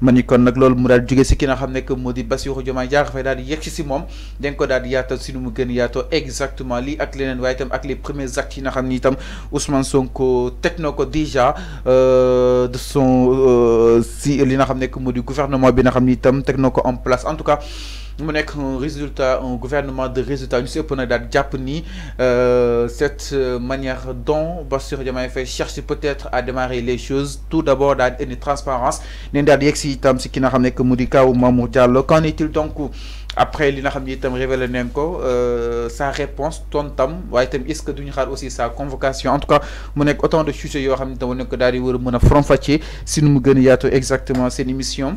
ma ni kon nag loolu mu daal jóge si ki nga xam que modi bassi Bassirou Diomaye Diakhar Faye daal di yegg si ko dal yaato yaatal mu gën yaato exactement li ak lenen waaye ak les premiers actes yi nga xamni tam Ousmane Sonko teg déjà ko déjà euh, de son euh, si li nga xam que modi gouvernement bi nga xamni tam itam ko en place en tout cas mu nekk un résultat un gouvernement de résultat ñu si ëpp nag daal jàpp euh, cette euh, manière dont Bassir Diamay Faye cherche peut-être à démarrer les choses tout d'abord daal une transparence neen daal di yegg si itam si ki nga xam ne mu di kaw Mamour Diallo qu'en est-il donc après li nga xam ni itam révélé nañ ko euh, sa réponse tontam waaye itam est-ce que duñu xaar aussi sa convocation en tout cas mu nekk autant de sujets yoo xam ne itam war nañ ko daal di war a mën a si nu mu gën a exactement seen émission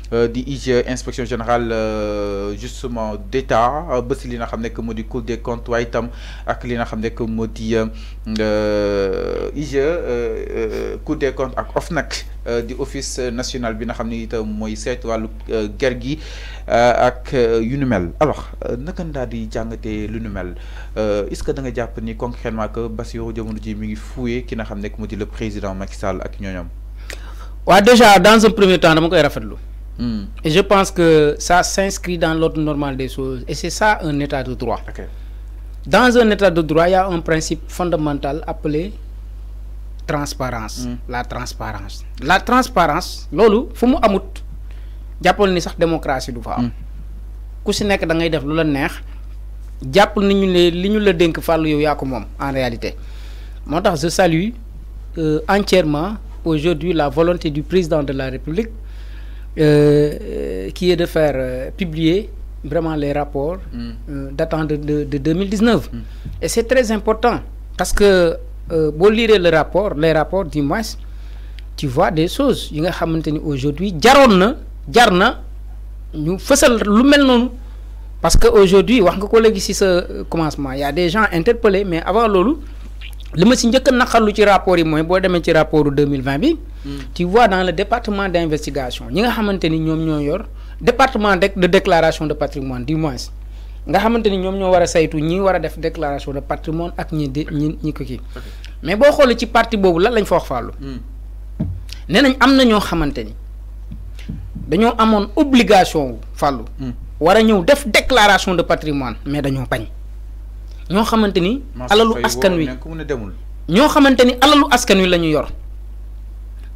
Euh, di IG inspection générale euh, justement d'état euh, ba a li nga xamné que modi cour des comptes way tam ak li nga cour des comptes ak OFNAC office national bi nga xamné de moy walu ak mel alors naka ndaa di de lu nu mel est-ce que da nga ni concrètement que bassio ji mi ngi ki le président Macky ak déjà dans un premier temps dama koy rafetlu. Mm. Et je pense que ça s'inscrit dans l'ordre normal des choses. Et c'est ça un état de droit. Dans un état de droit, il y a un principe fondamental appelé transparence. Mm. La transparence. La transparence, lolo, fumu amut. Japon ni sax démocratie du fa am. Mm. Ku nek da ngay def lula la fallu en réalité. je salue euh, entièrement aujourd'hui la volonté du président de la République euh, euh, qui est de faire euh, publier vraiment les rapports mm. datant de, 2019. Mm. Et c'est très important parce que vous lire le rapport, les rapports du mois, tu vois des choses. Aujourd'hui, Jarona, Jarna, nous faisons le parce qu'aujourd'hui, commencement, il y a des gens interpellés, mais avant l'olu, le monsieur qui le rapport, il y a rapport 2020. Mm. tu vois dans le département d'investigation, ñi nga xamanteni ñom ñoo yor département de déclaration de patrimoine du moins nga xamanteni ñom ñoo wara saytu ñi wara def déclaration de patrimoine ak ñi ñi ñi ko mais bo xol ci parti bobu lan lañ fa wax fallu mm. nee nañ am na xamanteni dañoo obligation fallu fàllu mm. war a def déclaration de patrimoine mais dañoo bañ ñoo xamanteni alalu askan wi ñoo xamanteni alalu askan wi la ñu yor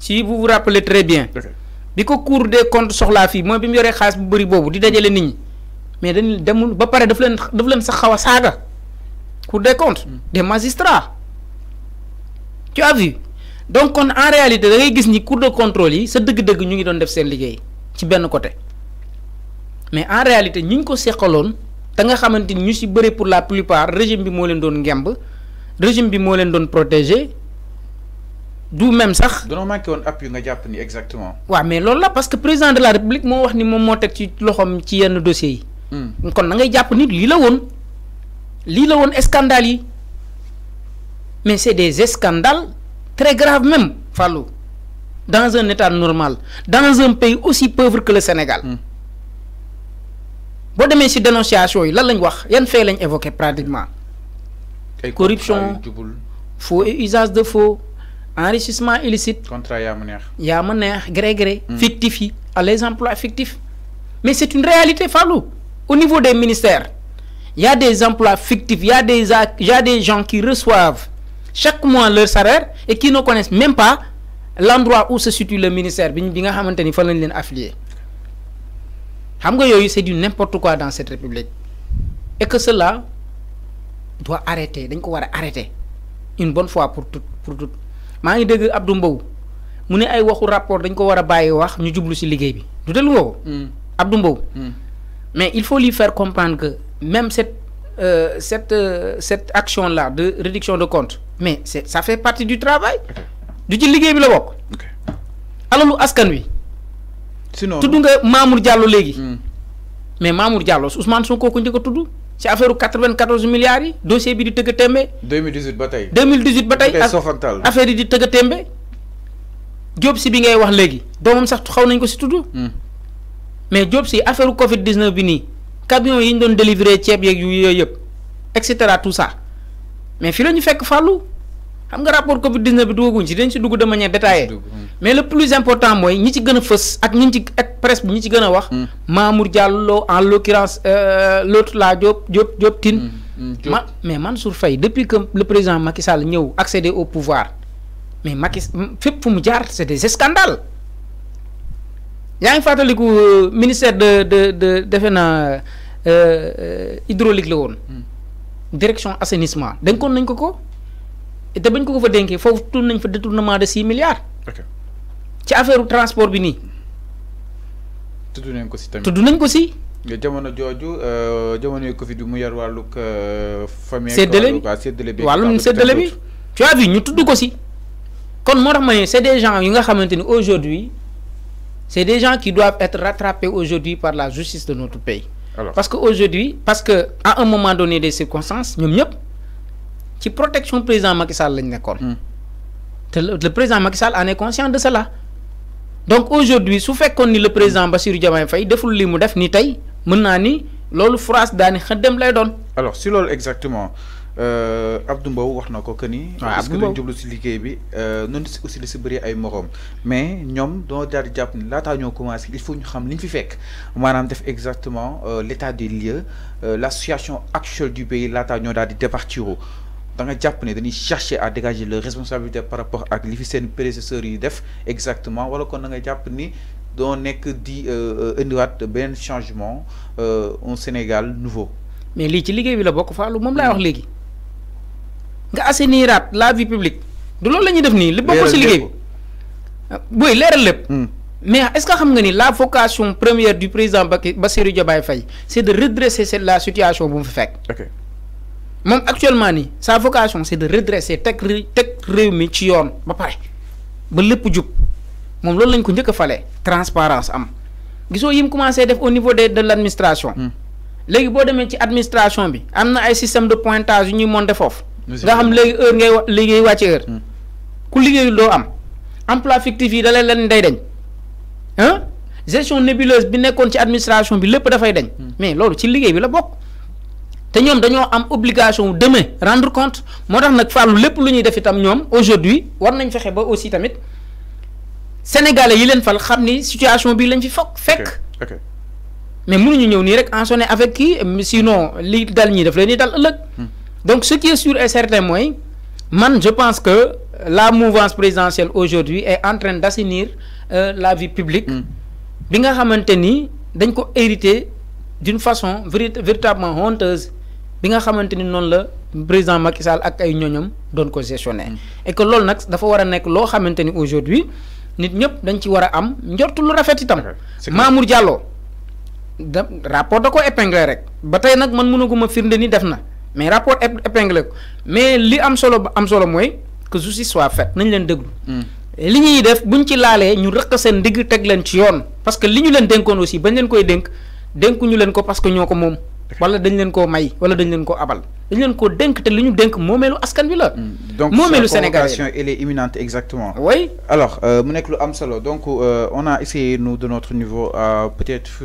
si vous vous rappelez très bien. les cours cour des comptes sur la mooy moi, mu me bu bari bobu di nit mais dañ demul ba paré daf daf sax cour des comptes hmm. des magistrats tu as vu donc en réalité da ngay ni de contrôle yi sa deug deug ñu ngi def côté mais en réalité nous, ñu ko da pour la plupart régime bi nous leen régime bi mo D'où même sax. normalement manqué woon appui nga jàpp ni exactement. Oui, mais loolu la parce que président de la république moo wax ni moom moo teg ci loxoom ci yenn dossiers yi. Hmm. kon na ngay jàpp ni lii la woon lii la woon scandale yi mais c'est des scandales très graves même Fallou dans un état normal dans un pays aussi pauvre que le Sénégal. Hmm. bon demee ci dénonciation yi lan lañ wax yan fee lañ évoqué pratiquement. corruption faux usage de faux enrichissement illicite. contrat yaa ma gre, mm. fictif à les emplois fictifs mais c'est une réalité falou. au niveau des ministères il y' a des emplois fictifs y' a des il y' a des gens qui reçoivent chaque mois leur salaire et qui ne connaissent même pas l'endroit où se situe le ministère Il faut nga affilier c'est du n'importe quoi dans cette république et que cela doit arrêter Il ko arrêter une bonne fois pour toutes. pour tout. Abdou ay waxu rapport ko a wax ñu bi du hmm. hmm. mais il faut lui faire comprendre que même cette euh, cette euh, cette action là de réduction de compte mais ça fait partie du travail du ci liggéey bi la bokk alalu askan wi tudd nga Mamour Diallo léegi hmm. mais Mamour Diallo Ousmane Sonko ko njëkk a ci affaire 94 milliards yi dossier bi di teug tembe. 2018 bataille. 2018 bataille. affaire di teug a tembe. Diop si bi ngay wax léegi domam sax xaw nañ ko ci tuddu hmm. mais job si affaire Covid 19 bi ni camion yi ñu doon délivrer ceeb yeeg yu yooyu etc. et tout ça mais fi lañu fekk xam nga rapport Covid 19 bi duggaguñ ci dañ ci dugg de manière détaillée mais le plus important mooy ñi ci gën a fës ak ñi ci ak presse bi ñi ci gën a wax. Mm. Mamour Diallo en l'occurrence euh, l'autre là Diop Diop Diop Tine. Mm, mm, ma mais Mansour Faye depuis que le président Macky Sall ñëw accéder au pouvoir mais makis fépp fu mu jaar c'est des scandales yaa ngi fàttaliku euh, ministère de de de defe na euh, hydraulique la woon. direction assainissement dénkoon nañ ko ko. et bañ ko ko fa dénkee foofu tudd nañ fa détournement de 6 milliards. ci affaire transport bi nii. tudd nañ ko si tamit tout nañ ko si. jamono jooju euh, jamono Covid bi mu yar wàllug euh, famille. séddale bi séddale bi wàllum séddale bi. tu as vu ñu tudd ko si. kon moo tax c'est des gens qui nga xamante aujourd'hui c'est des gens qui doivent être rattrapés aujourd'hui par la justice de notre pays. parce que aujourd'hui parce que à un moment donné des circonstances mieux ñëpp qui protection président Macky Sall lañ nekkoon. Hmm. le président Macky Sall en est conscient de cela. donc aujourd'hui fait qu'on ni le président hmm. Bassirou Diomaye Faye deful li mu def ni tay mën naa ni loolu France daani xëddem lay don alors si lolu exactement euh, Abdou Mbow wax na que ni. parce que dañ jublu si liggéey bi euh, noonu aussi li si bëri ay morom mais ñom do dar japp jàpp ni laataa ñoo il faut ñu xam liñ fi fekk manam def exactement l'état euh, l'état des lieux la situation actuelle du pays la ñoo daal di départir dans nga jàpp ils dañuy chercher à dégager leur responsabilité par rapport ak li fi prédécesseurs yi def exactement wala kon a nga jàpp ni doo nekk di euh, euh, indiwaat beneen changement euh, au Sénégal nouveau mais lii ci liggéey bi la bokk Fallou moom la wax léegi nga assainiraat la vie publique du loolu la ñuy def nii li bokkul ci liggéey bi booy leeral hmm. mais est-ce que xam nga ni la vocation première du président Bassirou Diomaye Faye c'est de redresser la situation bu mu fi fekk moom actuellement nii sa vocation c' de redresser teg teg réew mi ci yoon ba pare ba lépp jub moom loolu lañ ko njëkk a falee transparence am gisoo yim commencé def au niveau de de l' administration hmm. léegi boo demee ci administration bi am na ay système de pointage yu ñuy monter foofu nga xam léegi heure ngay liggéey wàcce heure hmm. ku liggéeyul doo am emploi fictif yi dalee leen day dañ ah gestion nébuleuse bi nekkoon ci administration bi lépp dafay dañ hmm. mais loolu ci liggéey bi la bokk te ñoom dañoo am obligation demain rendre compte moi tax nag fàllu lépp lu ñuy def itam aujourd'hui war nañ fexe ba aussi tamit sénégalais yi leen fal xam situation bi lañ fi fokk fekk mais nous ñëw nii rek en sonné avec qui sinon li dal ñii daf leen dal hmm. donc ce qui est sûr et certain moi, man je pense que la mouvance présidentielle aujourd'hui est en train d'assainir euh, la vie publique hmm. bi nga hérité d'une façon véritablement honteuse bi nga xamanteni non la président Macky Sall ak ay ñoñam doon ko gestionné. Mm. et que lool nak dafa wara nek lo xamanteni aujourd'hui nit ñëpp dañ ci wara am njort lu rafet itam. Mamour Diallo rapport da ko épinglé rek. batay nak man mënaguma firnde ni def mais rapport épinglé mais li am solo ba am solo moy que justice soit faite nañ leen déglu. Mm. li ñuy def buñ ci laalé ñu rëq seen ndigg teg leen ci yoon. parce que li ñu leen denkon aussi bañ leen koy denku ñu leen ko parce que ñoo ko wala dañ leen koo may wala dañ leen koo abal dañ leen koo dénk te li ñu dénk moomeelu askan bi la. Mm, donc sa convocation elle est imminente exactement. oui alors euh, mu nekk lu am solo donc euh, on a essayé nous de notre niveau peut-être.